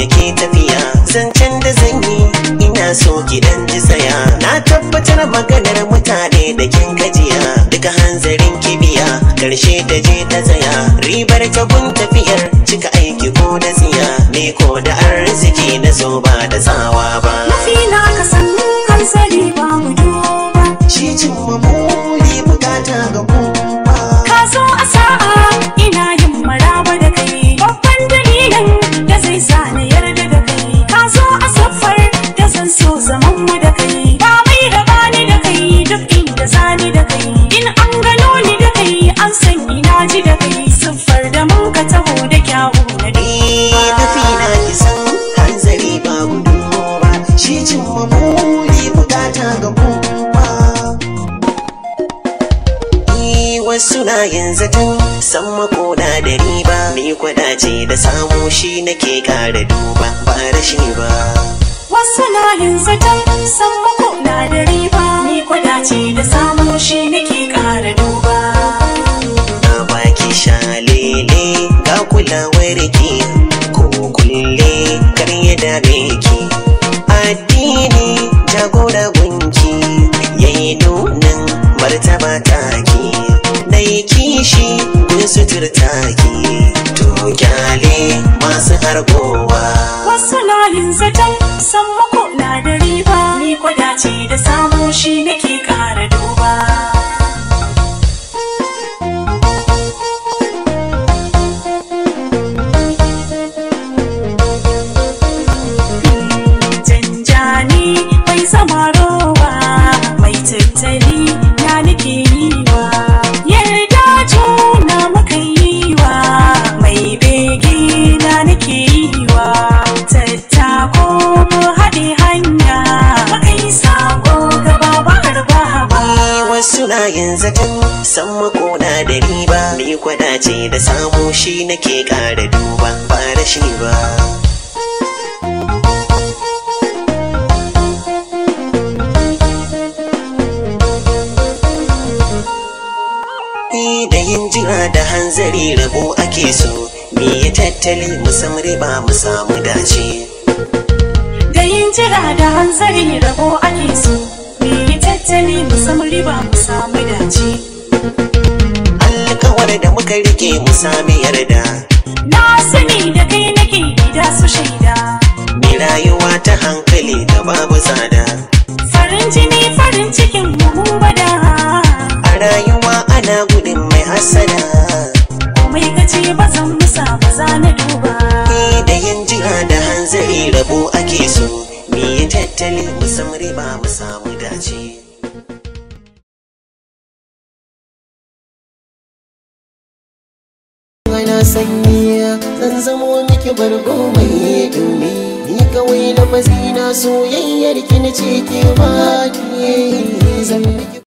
yake tafiya zancen da zan yi ina so gidan dan ji saya na tabbatar maganar mutane da kin gajiya duka hanzarin kibiya karshe ta je ta tsaya ribar ta gun tafiyar cika aiki ko da tsiya ne ko da arziki na zo ba da tsawa ba mafi na ka san hanzari ba mu duba shi cin mu suna yin zaton san makoda da riba mai kwadace da samu shi nake kara duba ba rashi ba wasu na yin zato san makoda da riba mai kwadace da samu taki to kyale masu harbowa wasu yin zaton san mako na da riba ni kwadace da samu shi nake ƙara duba Thank you. zaton san makona da riba ni kwadace da samu shi nake ƙara duba ba rashi ba da yin jira da hanzari rabo ake so me ya tattali musamman ba mu samu dace da yin jira da hanzari rabo ake so me ya tattali musamman ba mu samu ci alkawar da muka rike mu sami yarda na sani da kai nake gida su shaida mai rayuwa ta hankali da babu tsada farin jini farin cikin mu bada a rayuwa ana gudun mai hasada komai ce ba zan musa ba za na duba ni da yin jira da hanzari rabo ake so ni tattali mu riba mu samu dace sanyi zan zamo miki bargo mai dumi ni kawai na soyayyar ki na ce ke baki zan